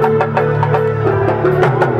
Thank you.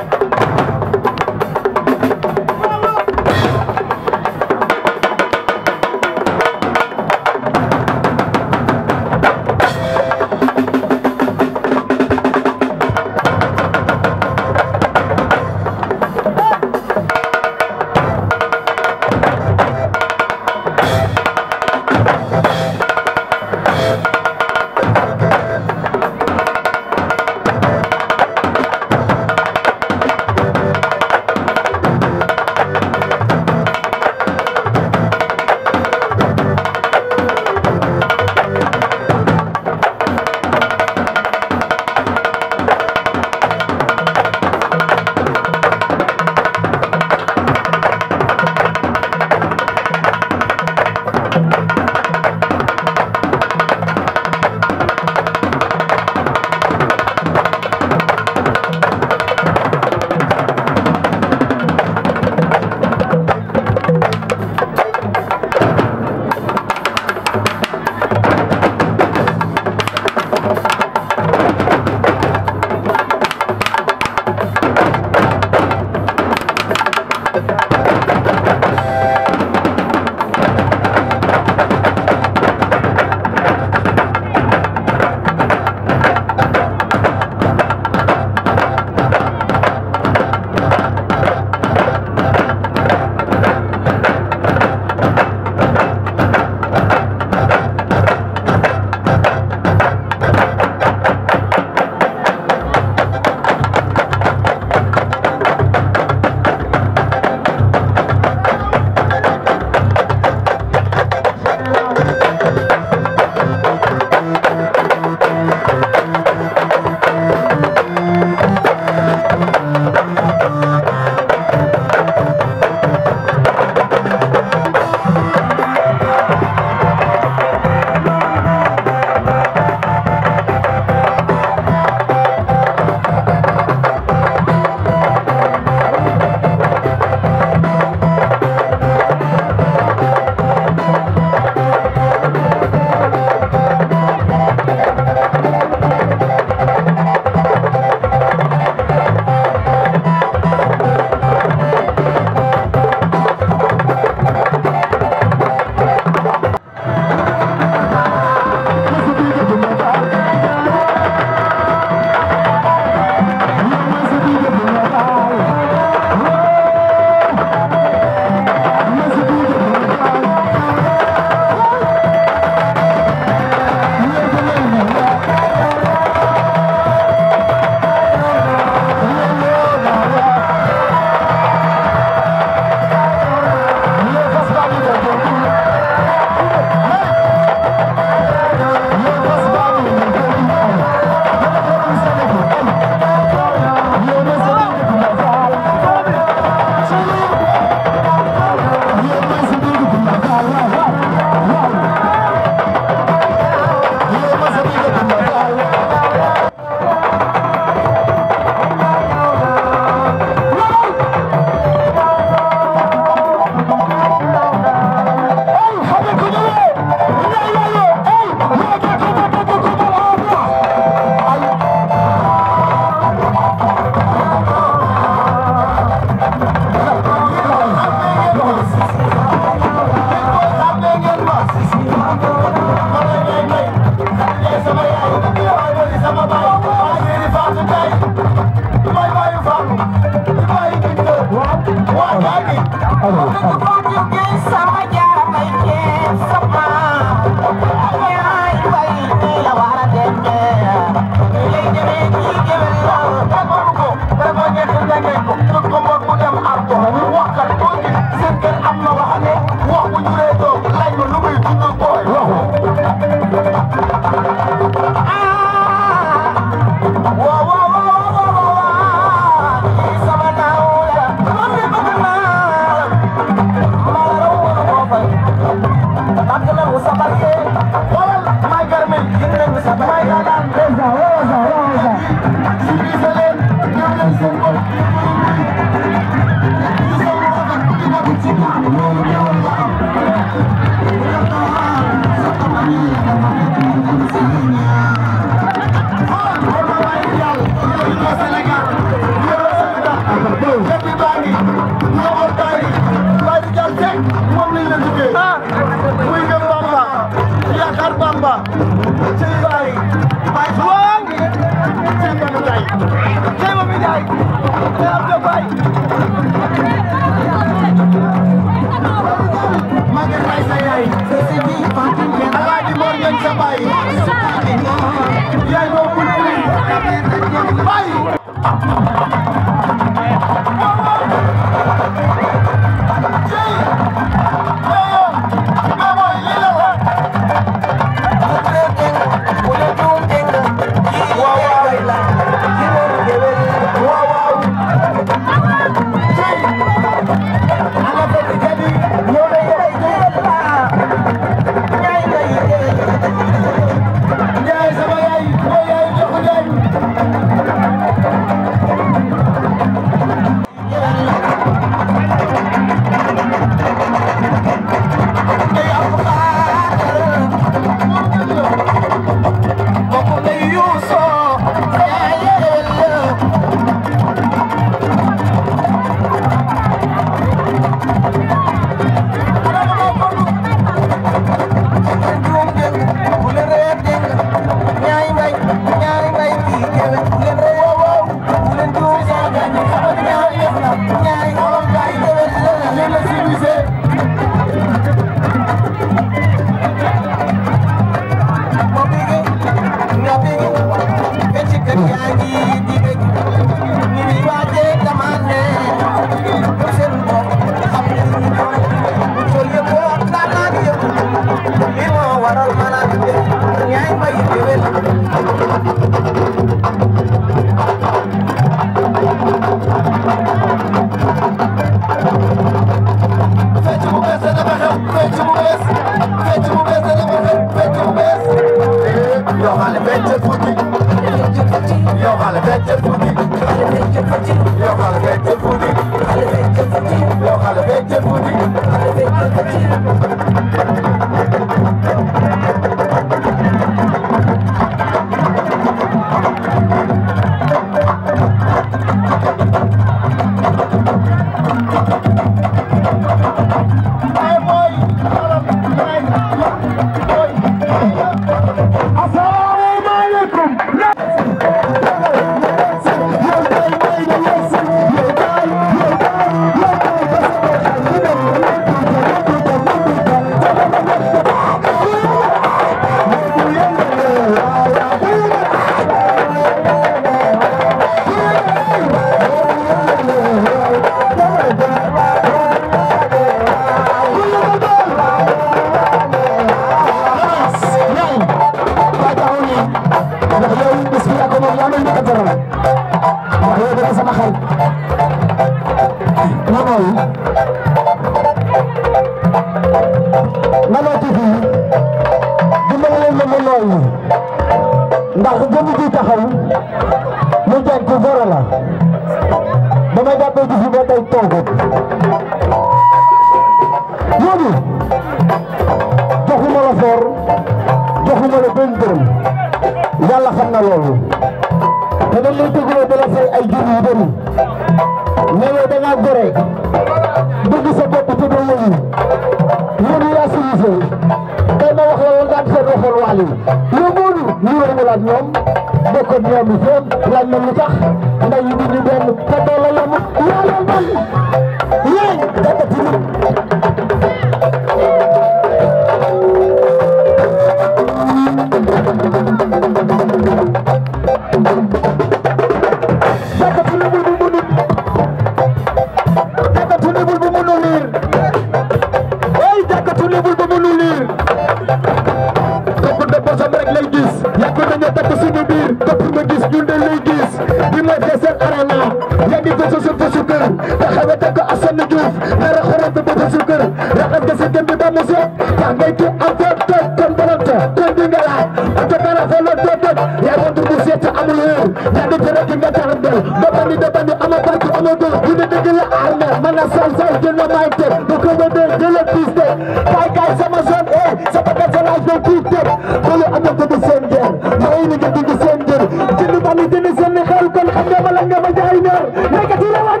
ama bàcc ama dóor bu ne dëgg la aar na man a saay saay jël na maay teg bu ko ma dóor jëlee piis teg kaay kaay sama zone eh sa bakkan sa laaj ba kuy teg loolu am na dëgg seen jër may ni nga dëgg seen jër jënd ba ni jënd seen xel kon xam nga ma la nga ma jaay naar nekkati rawan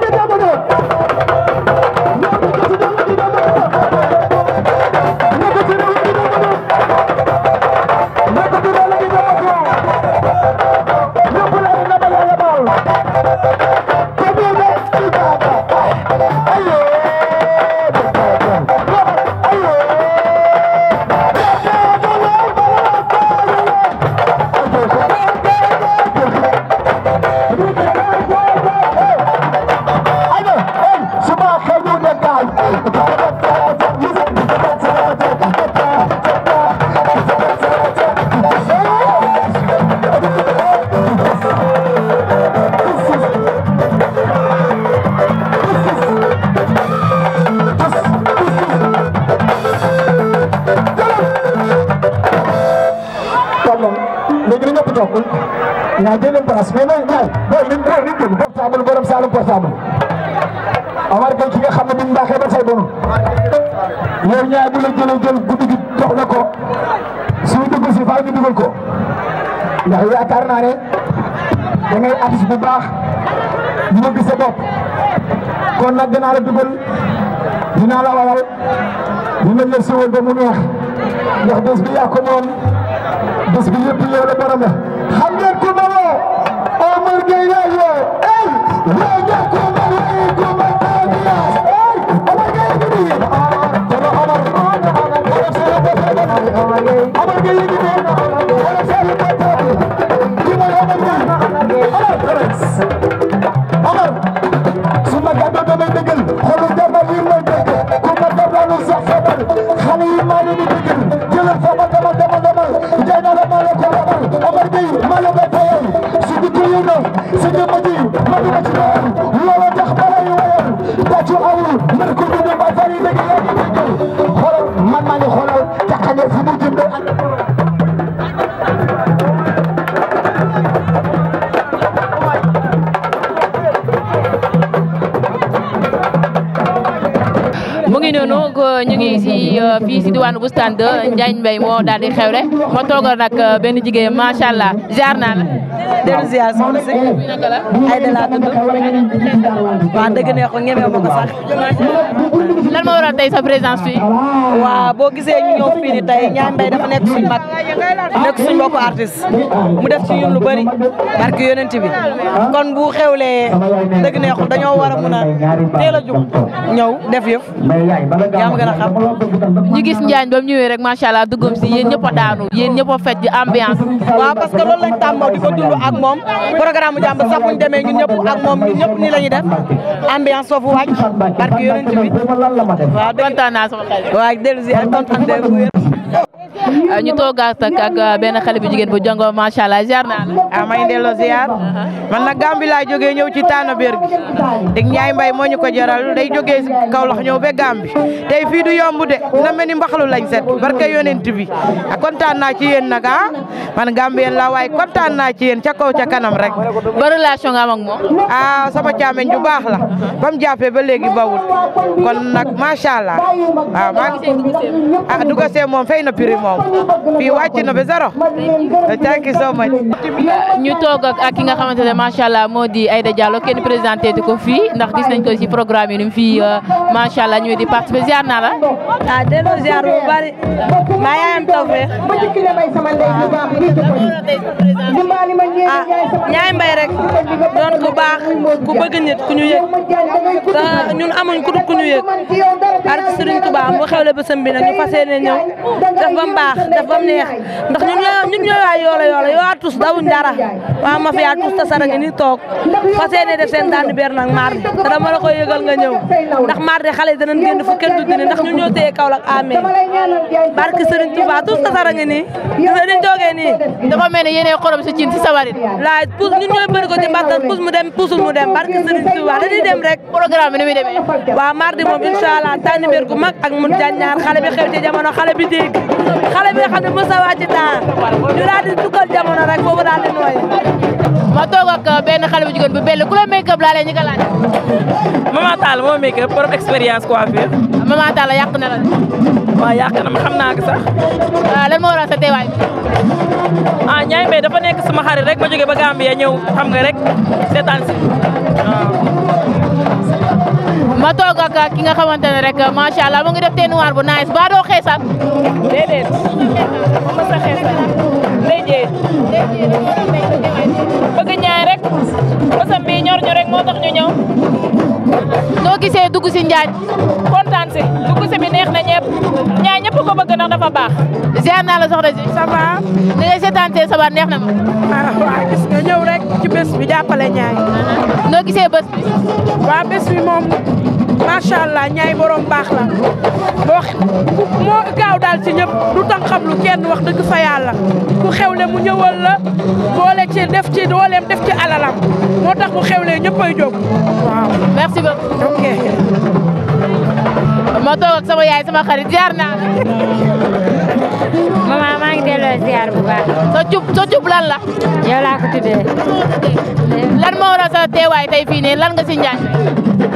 ndax yaakaar naa ne da ngay artiste bu baax di bëgg sa bopp kon nag dinaa la dugal dinaa la wayal dinañ la siiwal ba mu neex ndax bés bi yaa ko moom bés bi yëpp yow la borom la fii si diwaanu Boustane 2 Njaañ Mbay moo daal di xewle toogal nag euh, benn jigéen macha allah ziar naa la. dellu ziar soxna si. ay de laa tudd. waaw sax. lan moo waral tey sa présence fii. waaw boo gisee ñu ñëw fii nii tey Njaañ Mbay nekk suñu mag. nekk suñ mbokku artiste mu def ci ñun lu bëri barke yonent bi kon bu xewlee dëgg neexul dañoo war a mën a teel a jug ñëw def yëf yaa ma xam ñu gis Njaañ ba mu rek macha allah duggam si yéen ñëpp a daanu yéen ñëpp a fecc ji ambiance waaw parce que loolu lañ tàmmoo di ko dund ak moom programme bu jàmbur sax buñ demee ñun ñëpp ak moom ñun ñëpp nii la ñuy def ambiance soofu wàcc barke yonent bi waaw kontaan naa sama xel waaw dellu si ak kontaan Eh, ñu toogaat tak ak eh, benn xale bu jigéen bu jongo macha allah ziar naa la. Ah, may ziar. man nag Gàmbi laa jógee ñëw ci Tànnabéer gi. dig Ndiaye Mbaye moo ñu ko jaral day jógee Kaolack ñëw ba Gàmbi tey fii du yomb de na mel ni mbaxalu lañ set barke yonent bi ah, ci ah. man Gambien lawai. waaye kontaan naa ci yéen ca kaw ca kanam rek. ba relation nga ah sama caameñ bu baax la ba mu jàppee ba léegi bawul kon allah waaw maa ah Duga Seye moom fay fii wàcc na ba zéro thank you so much ñu toog ak ki nga xamante ne macha allah moo di Aïda Diallo kenn présenté ko fii ndax gis nañ ko si programme yi ni mu fii euh, macha allah ñëwee di participer ziar naa la. ah delloo ziar bu bari maa yaayam taw feex. ah ñaay rek doon ku baax ku bëgg nit ku ñu yëg te ñun amuñ ku dul ku ñu yëg artiste Serigne Touba mu xewle bësam bi nag ñu fas yéene ñëw def baax. def ba mu neex ndax ñun ñoo ñun ñoo waa yoola yoola yoo tus dawuñ dara waa mafia tus ta sara ngi ni toog fas yéene def seen daanu beer nag mardi te dama la koy yëgal nga ñëw ndax mardi xale yi danañ génn fu kenn du dindi ndax ñun ñoo téye Kaolack amee barke Serigne Touba tus ta sara ngi nii gis nga niñ toogee nii dafa mel ne yéenee xorom si ciin si sabarit laaj puus ñun ñooy bëri ko ci mbattal puus mu dem puusul mu dem barke Serigne Touba dañuy dem rek programme bi ni muy demee waaw mardi moom incha allah tànn beer gu mag ak mun jaan ñaar xale bi xew ci jamono xale bi dégg xale bi bi xam ne mos a wàcc naa ñu daal di tukkal jamono rek foofu daal di nooy. ma toog ak uh, benn xale bu jigéen bu belle ku la make up laa leen ñu ko laaj. maman Talla moo make up borom expérience coiffure. maman Talla yàq na la de. waaw yàq na ma xam naa ko sax. Uh, lan moo waral sa teewaay bi. ah Ndiaye Mbaye dafa nekk sama xarit rek ma jógee ba Gambie ñëw xam nga rek seetaan si waaw. Ah. ma toog ak ki nga xamante ne rek macha allah mu ngi def teenu waar bu naaj ba doo xeesal. déedéet moom mos a xeesal day jee bëgg ñaay rek mosam bi ñor ñu rek moo tax noo gisee dugg si Njaañ. kontaan si dugg si bi na ñëpp Njaañ ñëpp ko bëgg ndax dafa baax. ziar naa la soxna si. ça va. ni ngay seetaan see sabar neex na ma. ah waaw gis nga ñëw rek ci bés bi jàppale Njaañ. noo gisee bés bi. waa bés moom. macha allah ñaay borom baax la boo moo gaaw daal ci ñëpp du tan lu kenn wax dëgg fa yàlla ku xewle mu ñëwal la boole ci def ci dooleem def ci alalam moo tax bu xewlee ñëppay jóg waaw merci beaucoup ok ma toog ak sama yaay sama xarit ziar na la. maman maa ngi delloo bu baax. sa cub lan la. yow laa ko tuddee. lan moo sa teewaay tey fii nii lan nga si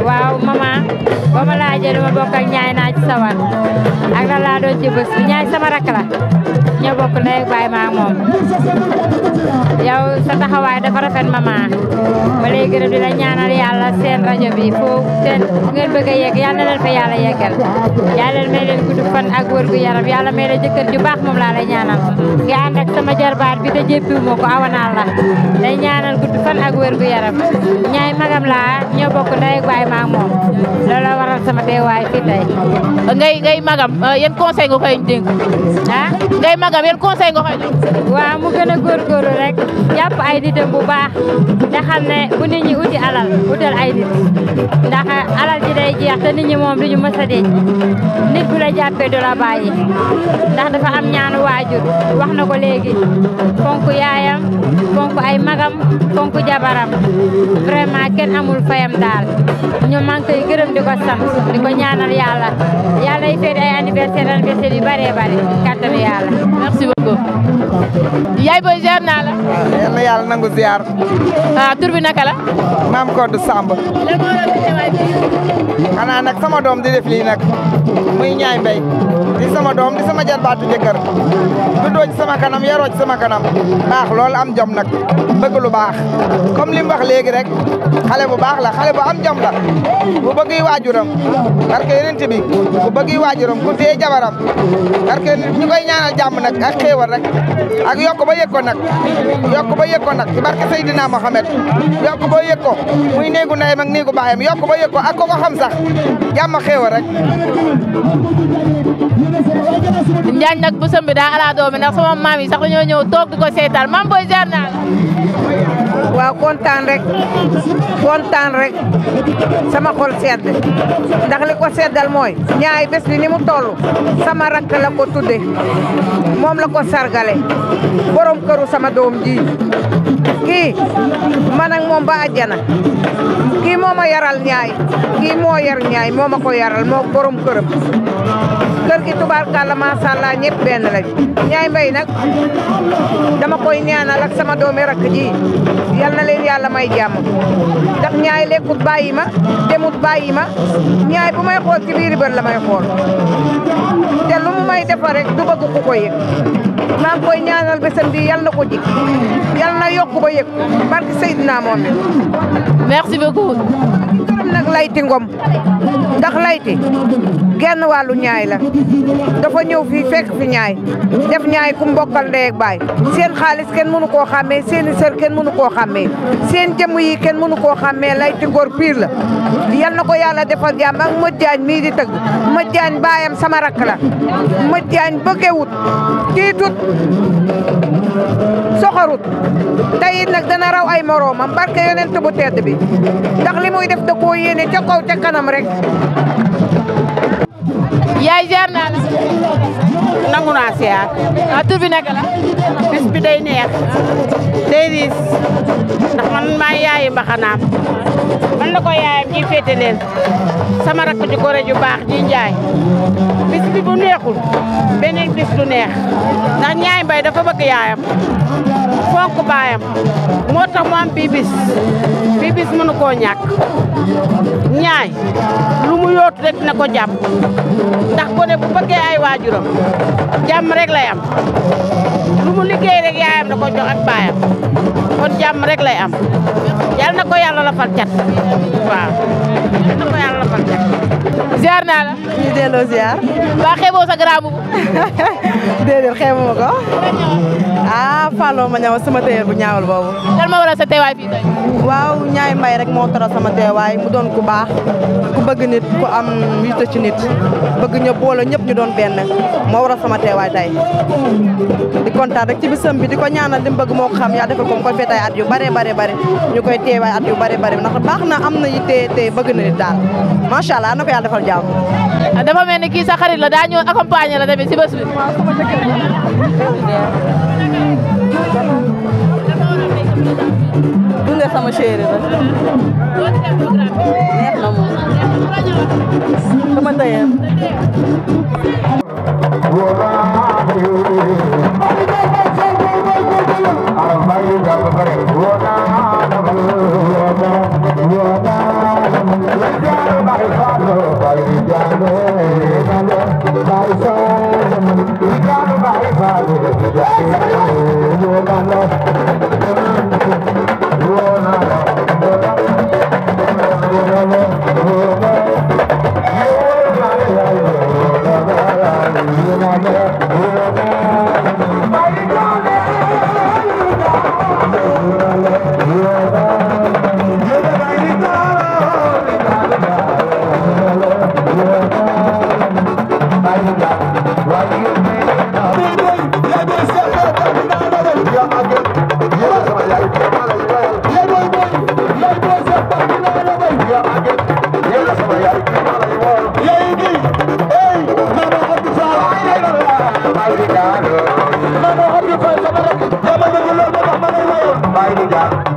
waaw maman ba ma laajee dama bokk ak ñaay ci sawar ak lan laa doon ci sama rakk la bokk ndey ak maa moom yow sa taxawaay dafa rafet maman ma lay di la ñaanal yàlla seen rajo bi foo seen ngeen bëgg a yegg yàlla na leen fa yàlla yàlla may leen ak wër gu yaram yàlla jëkkër ju moom laa lay ñaanal nga ànd ak bi te jéppiwu ma ko awanaal la lay ñaanal gudd fan ak wër gu ñaay magam laa ñoo bokk ndey ak baay moom loolu waral sama teewaay fii euh, ngay magam yan conseil nga koy dénk ngay magam yan conseil nga koy mu gën a rek jàpp ay nitam bu baax te ne bu nit ñi alal utal ay nit ndax alal ji day jeex te nit moom duñu mës nit bu la jàppee du la bàyyi ndax dafa am ñaanu waajur wax na ko léegi fonk yaayam fonk ay magam fonk jabaram vraiment kenn amul fayam daal ñu maa ngi gërëm di ko sant di ko ñaanal yàlla yàlla yi feet ay anniversaire anniversaire yu bëree bëri kàttanu yàlla dia yaay booy ziar naa la yal na yàlla ziar ah tur bi sama dom di def lii nak muy ñaay mbay di sama doom di sama jarbaatu jëkkër juddoo ci sama kanam yaroo ci sama kanam baax am jom nak bëgg lu baax comme li wax léegi rek bu la bu am jom la bu bëgg waajuram barke yeneen bi bu bëgg waajuram ku téye jabaram barke ñu ñaanal jàmm nak ak xéewal rek ak yokk ba yëg ko nag yokk ba yëg ko nag ci barke Seydina Mohamed yokk ba yëg ko muy néegu ndeyam ak néegu baayam yokk ba yëg ko ak ko ko xam sax jàmm Njaañ nag bësam bi daa ala doomi ndax sama maam yi sax dañoo ñëw toog di ko seetaan maam booy jaar naa la. waaw rek kontaan rek sama xol sedd ndax li ko seddal mooy ñaay bés bi ni mu toll sama rakk la ko tudde moom la ko sargale borom këru sama doom ji Ki, man ak moom ba àjjana ki moma yaral nyaay ki mo eh. yar nyaay moma eh. ko yaral mo borom keureum keur gi ma sha allah ñepp ben la nyai mbay nak. dama koy ñaanal ak sama doomi rak ji yal leen yalla may jamm ndax nyaay lekut bayima demut bayima nyaay bu may xol ci biir bër la may xol te lu mu may defar rek du bëgg ku ko yëg koy ñaanal bi jik na ku ko yëg barke Seydina Mohamed merci beaucoup gërëm nag layti ngom ndax layti genn wàllu ñaay la dafa ñëw fii fekk fi ñaay def ñaay ku mbokkal ndey ak baay seen xaalis kenn mënu koo xàmmee seeni i kenn mënu koo xàmmee seen jëmm yi kenn mënu koo xàmmee layti ngor piir la yal na ko yàlla defal jàmm ak Modou mii di tëgg Modou Diagne baayam sama rakk la Modou bëggewut tiitut soxorut tey it nag dana raw ay moroomam barke yonent bu tedd bi ndax li muy def da koo yéene ca kaw ca kanam yaay jaar naa la. nangu naa siyaar. ah tur bi naka la. bi day neex. day riis. ndax man maa yaayi mbaxanaam. man la ko yaayam ji féete leen. sama rakk ju gore bi bu neexul beneen bis neex ndax ñaay mbay dafa bëgg yaayam fonk baayam moo tax mu am bii bis bii bis koo ñàkk ñaay lu mu yootu rek dina ko jàpp ndax gone bu bëggee ay waajuram jàmm rek lay am lu mu liggéey rek yaayam da ko jox ak baayam kon jàmm rek lay am yal na ko yàlla la fal cat waaw yal na ko yàlla la fal ziar naa la ñu delloo ziar ba xeeboo sa grand boubou déedéet xeebuma ko ah Fallou ma ñëw sama téyeel bu ñaawal boobu. lan ma waral sa teewaay fii tey. waaw ñaay mbay rek moo tara sama teewaay mu doon ku baax ku bëgg nit ku am yitte ci nit bëgg ñëpp boole ñëpp ñu doon benn moo waral sama teewaay tey. di kontaan rek ci bisam bi di ko ñaanal li mu bëgg moo ko yaa defal ko mu koy yu bare bare bare ñu koy teewaay at yu bare bare ndax baax na am na yitte te bëgg na nit daal macha allah na ko yàlla defal jàmm. Ah, dafa mel kii sa xarit la daa ñëw accompagner la tamit dundee sama chéri la. neex na moom. sama tayeer. Arabay yu gàll bare. Yeah. Baye Mandione loolu moo tax ma lay woyoon Baye Mandione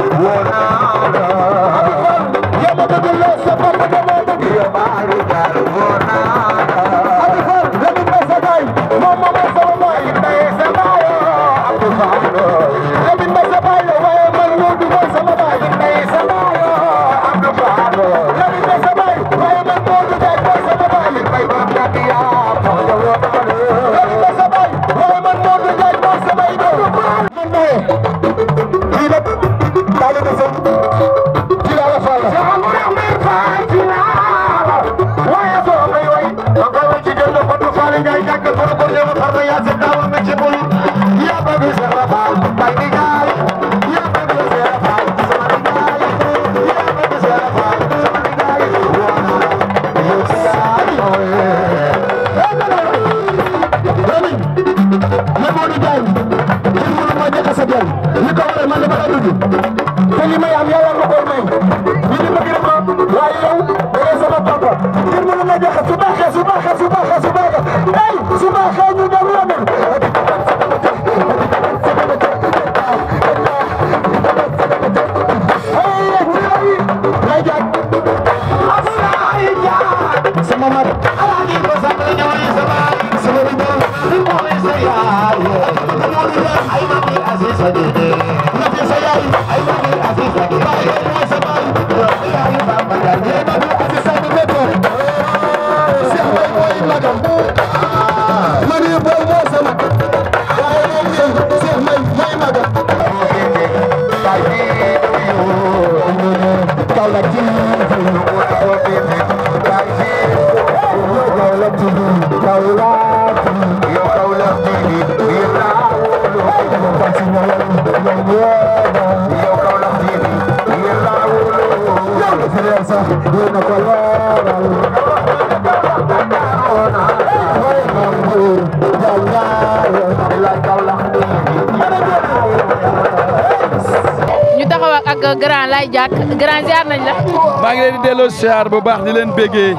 delloo siyaar bu baax di leen béggee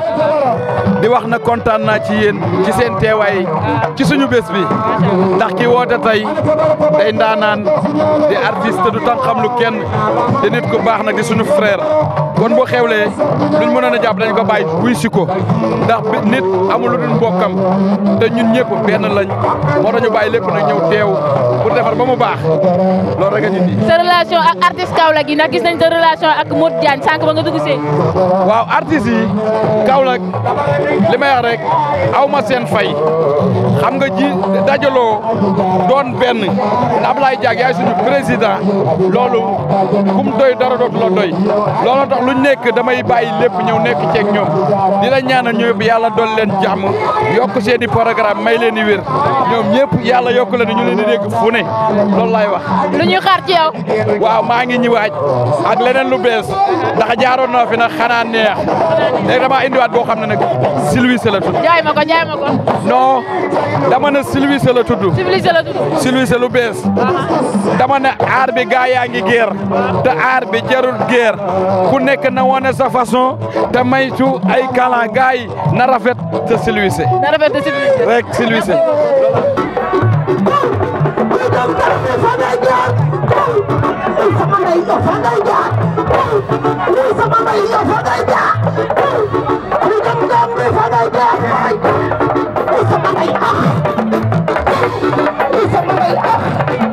di wax na kontaan naa ci yéen ci seen teewaay ci suñu bés bi ndax ki woote tey day ndaanaan di artiste du tam xam lu kenn di nit ku baax nag di suñu frère kon boo xewlee luñ mënoon a jàpp dañ ko bàyyi wuy si ko ndax nit amul lu dul mbokkam te ñun ñëpp benn lañ moo tax ñu bàyyi lépp nag ñëw teew pour defar ba mu baax loolu rek a ñu sa relation ak artiste Kaolack yi nag gis nañ sa relation ak Modou Diagne sànq ba nga dugg see. waaw artistes yi Kaolack li may wax rek aw ma seen fay xam nga ji dajaloo doon benn Ablaye Diack yaay suñu président loolu kum doy dara dootu la doy looloo tax lu nekk damay bàyyi lépp ñëw nekk ceeg ñoom di ñaana ñaanal bi yàlla dool leen jàmm yokk seen i programme may leen i wér. ñoom ñëpp yàlla yokk la ñu leen di dégg fu ne loolu lay wax. lu ñuy xaar ci yow. waaw maa ngi ñëwaat ak leneen lu bees ndax jaaroon naa fi na xanaa neex léegi damaa indiwaat boo xam ne nag silwi la jaay ma jaay ma non dama ne Civilisé la tudd. Civilisé la tudd. Civilisé lu bees. dama ne aar bi gaa yaa ngi géer te aar bi jarul géer ku nekk na wane sa façon te maytu ay kalan gaa yi na rafet te Civilisé. na rafet te Civilisé. rek Civilisé. Thank you. sama bay ax sama bay ax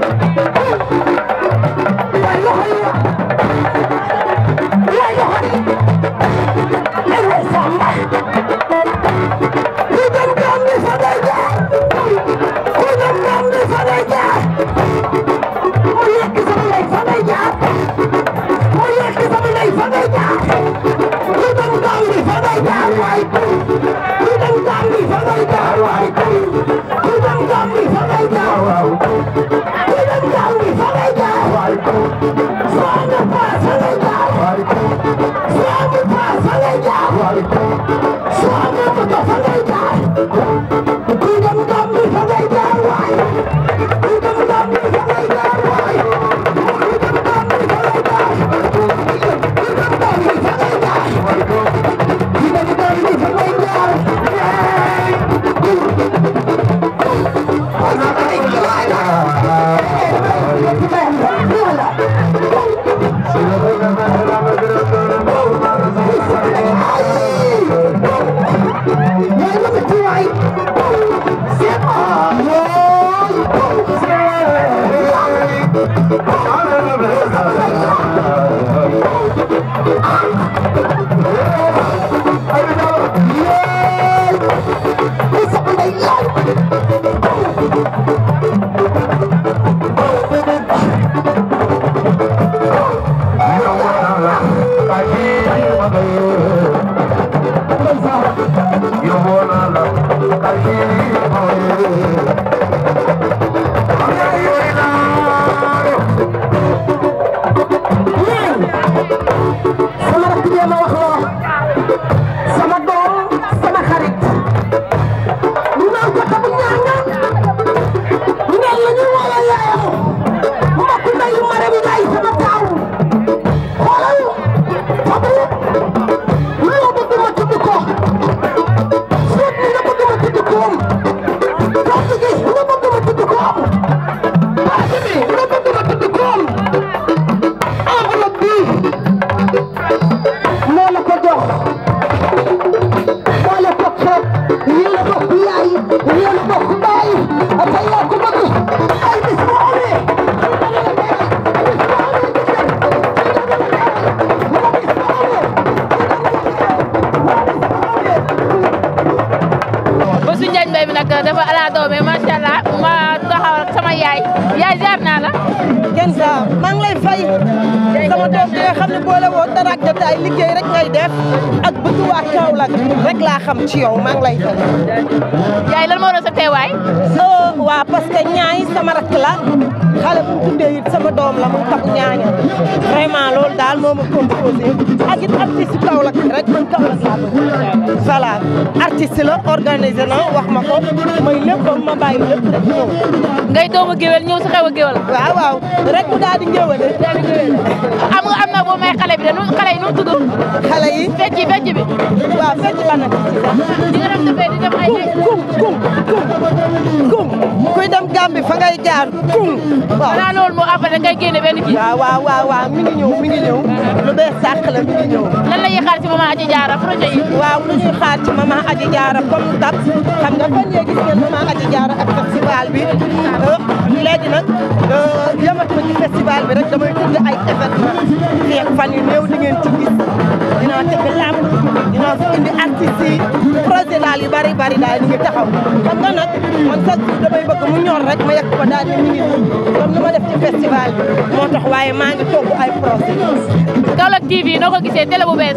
tey lan moo doon sa teewaay. sama rakk la xale bu tuddee sama doom la muy Pape Ñaaña vraiment loolu daal moo ma composé ak it artiste Kaolack rek man Kaolack laa bëgg voilà la organisé na wax ma ko mooy lépp ma bàyyi lépp rek ñëw. ngay doomu géwél ñëw si xew a géwél. waaw waaw rek mu daal di ñëwale. am na boo may xale bi nu xale yi nu mu tudd. xale yi fecc fecc bi. waaw fecc ba nag. di nga dem dafay di kum kum kum kum kuy dem fa ngay. koy jaar kum. waaw xanaa loolu moo après da ngay génne benn kii. waaw waaw waaw waaw mi ngi ñëw mi ngi ñëw. lu bees sàq la mi ngi ñëw. lan la ñuy xaar ci maman Adji Diarra projet yi. waaw lu ñuy xaar ci maman Adji Diarra comme tab xam nga fan yee gis ngeen maman Adji Diarra ak festival bi. léegi nag euh, yamatuma ci festival bi rek damay tudd ay événement feek fan yu néew di ngeen ci gis dinaa tefe lamb dinaa fi indi artistes yi projet daal yu bari bari daal ñu ngi taxaw xam nga nag man sax damay bëgg mu ñor rek ma yegg ko daal di ñu ngi ma moo tax waaye maa ngi togg ay projet Kaolack TV noo ko gisee télé bu bees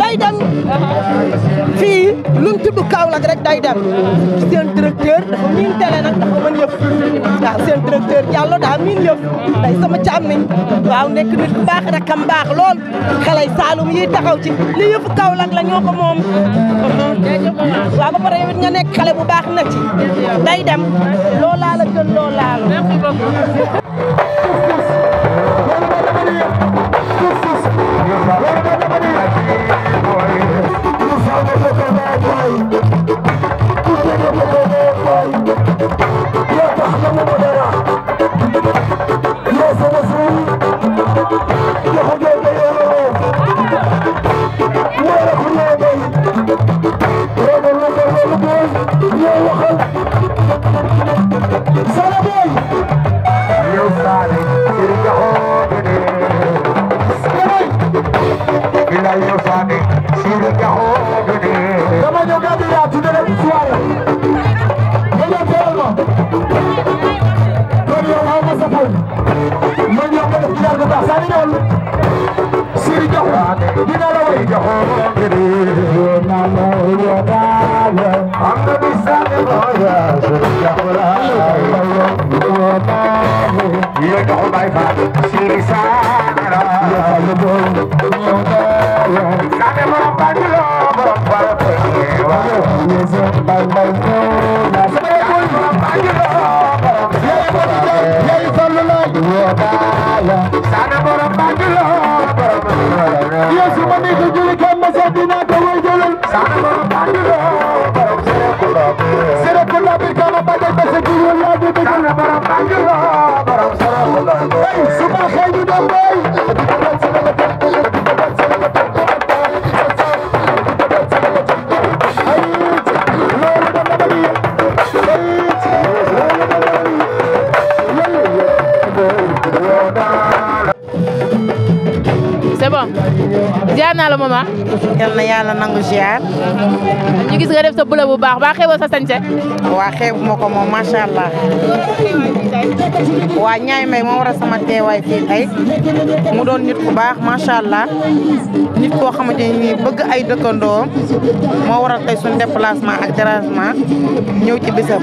day dem fii luñ tudd Kaolack rek day dem seen directeur dafa miin télé nag dafa mën yëpp seen directeur Diallo daa miin yëf day sama càmm nañ waaw nekk nit ku baax rakam baax lool xelay Saalum yi taxaw ci li yëfu Kaolack la ñoo ko moom waaw ba pare yow it nekk xale bu na ci day dem loolaa la gën loolaa la bula bu baax baa xeeboo sa sañse waa xeebu ma ko allah wa ñaay may mo wara sama teway fi tay mu doon nit ku baax sha allah nit ko xamanteni ni bëgg ay dekkando mo wara tay sun déplacement ak déplacement ñew ci bisam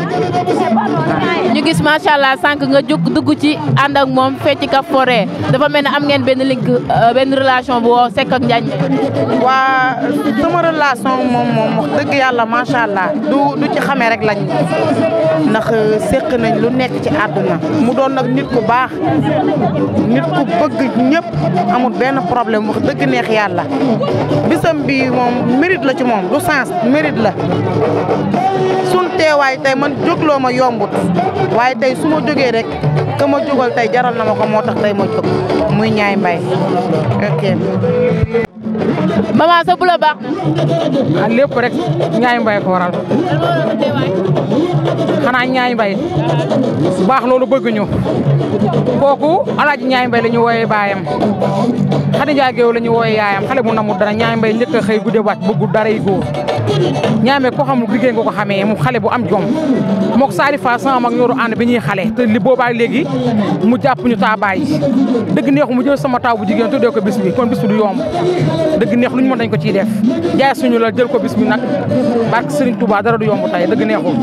ñu gis sha allah sank nga juk dugg ci and ak mom fecc ka foré dafa melni am ngeen ben link euh, ben relation bu wo sekk ak ñañ wa sama relation mom mom wax deug yalla ma macha allah du du ci xamee rek lañ ndax euh, séq nañ lu nekk ci àdduna mu doon nag nit bu baax nit ku bëgg ñëpp amul benn problème wax dëgg neex yàlla bisam bi moom mérite la ci moom du sens mérite la sun teewaay tey man jógloo ma yombut waaye tey su ma jógee rek ka ma jógal tey jaral na ma ko moo tax tey ma jóg muy ñaay mbay ok maman sa bula baax ah, na. lépp rek Ndiaye Mbaye ko xanaa ñaay mbay bu baax loolu bëgg ñu kooku alaaji ñaay bay la ñu wooyee baayam xadi njaay géew la ñu wooyee yaayam xale dara ñaay mbay njëkk xëy gudde wàcc bëggu dara yi góor ñaay mbay ko xamul liggéey nga ko xamee mu xale bu am jom mook saari fa sama mag ñooru ànd bi ñuy xale te li boobaa léegi mu jàpp ñu taa baay dëgg neexu mu jël sama taaw bu jigéen tuddee ko bis bi kon bis du yomb dëgg neex lu ñu mën dañ ko ciy def jaay suñu la jël ko bis bi nag barke Serigne Touba dara du yomb tay dëgg neexul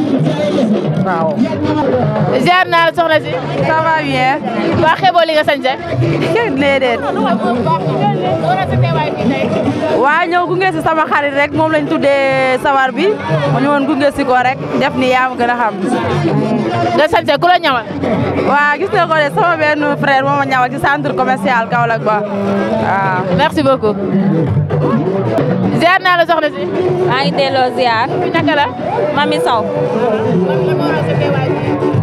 waaw. ziar naa la soxna si. ça bien. waa xeeboo li nga sañse. déedéet. waa ñëw gunge si sama xarit rek moom lañ tuddee sawar bi mu ñëwoon gunge si ko rek def ni yaa ma gën a xam. nga ku la ñawal. waa gis nga ko de sama benn frère moo ma ñawal ci centre commercial Kaolack ba merci beaucoup. ziar naa la soxna si. maa ngi delloo ziar. fi naka la. mami Sow.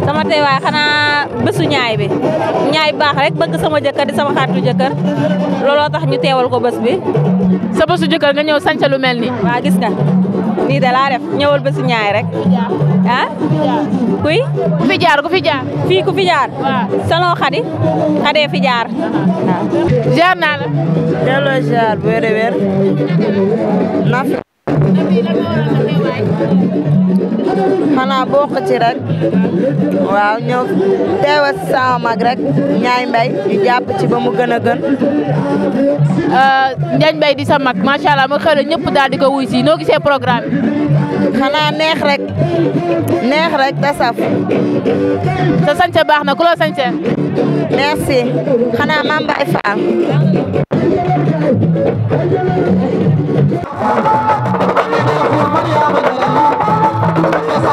sama teewaay xanaa bésu ñaay bi ñaay baax rek bëgg sama jëkkër di sama xaatu jëkkër looloo tax ñu teewal ko bés bi. sa bésu jëkkër nga ñëw sañca lu mel nii. waa gis nga. nii de laa def ñëwal ba ñaay rek. ah. kuy. ku fi jaar ku fi jaar. fii ku fi jaar. waaw xadi xadee fi jaar. jaar naa la. delloo jaar bu wér-wér. xanaa bokk ci rek waaw ñëw teewa si sama mag rek ñaay mbay ñu jàpp ci ba mu gën a gën ñaay euh, mbay di sa mag macha ma xëy ñëpp daal di ko wuy si noo gisee programme xanaa neex rek neex rek te saf sañse baax na ku loo sañse merci xanaa Mame Mbaye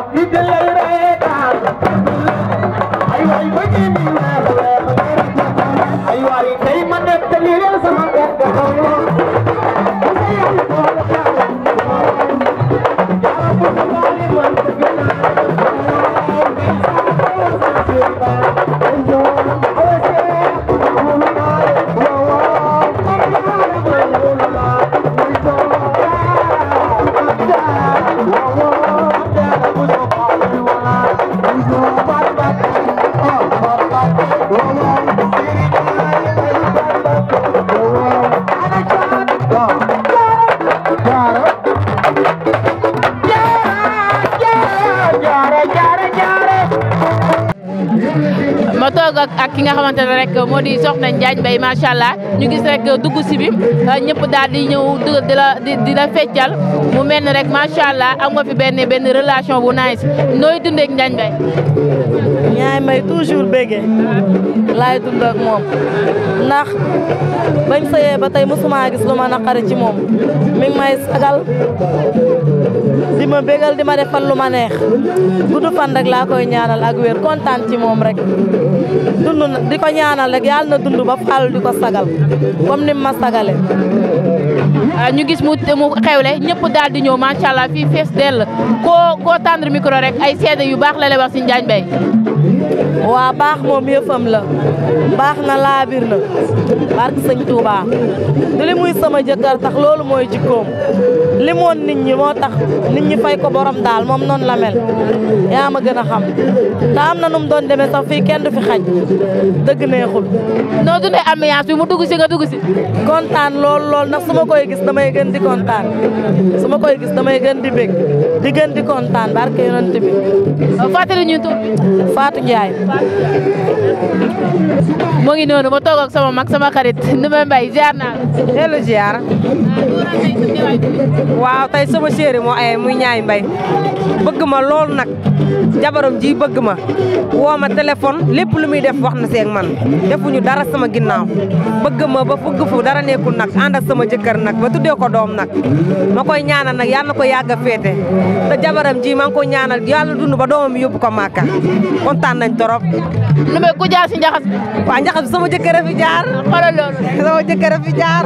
Thank you. xamante ne rek moo di soxna Njaañ Mbay macha allah ñu gis rek dugg sibi bi ñëpp daal di ñëw di la di feccal mu mel ni rek macha allah am nga fi benn benn relation bu nice nooy dundee ak Njaañ Mbay. Njaañ Mbay toujours béggee laay dund moom ndax bañ sëyee ba tey mosuma gis lu ma naqari ci moom mi ngi may sagal di ma bégal di ma defal lu ma neex gudd fan rek laa koy ñaanal ak wér kontaan ci moom rek dund di ko ko ñaanal na dund ba di ko sagal comme ni ma ah, ñu gis mu mu xewle ñëpp daal di ñëw macha allah fii fees dell koo koo tendre micro rek ay seede yu baax la lay wax waa baax moom yëfam la baax na laabir na barke sëñ Touba du li muy sama jëkkër tax loolu mooy jikkoom limoon nit ñi moo tax nit ñi fay ko borom daal moom noonu la yaa ma gën a xam na nu mu doon demee sax fii kenn du fi xaj dëgg neexul. noo dundee ambiance bi mu dugg si nga dugg si. kontaan lool lool ndax su ma koy gis damay gën di kontaan su ma koy gis damay gën di bég di gën di kontaan barke yonent bi. fàttali ñu tur bi. Fatou Ndiaye. ngi noonu ma toog sama mag sama xarit Ndoumbé Mbaye naa la. dellu waaw tay sama chéri mo ay eh, muy ñaay mbay bëgg ma lool nak jabarom ji bëgg ma woo ma téléphone lepp lu muy def waxna sé ak man defuñu dara sama ginnaw bëgg ma ba fugg fu dara nekkul nak ànd ak sama jëkkër nak ba tuddé ko doom nak ma koy ñaanal nak yalla na ko yàgg fété féete te jabarom ji man ko ñaanal yalla dund ba doom yu ko màkka kontaan nañ torop lu may ku jaar ci njaxas wa waaw sama jëkkër fi jaar xala lool sama jëkkër fi jaar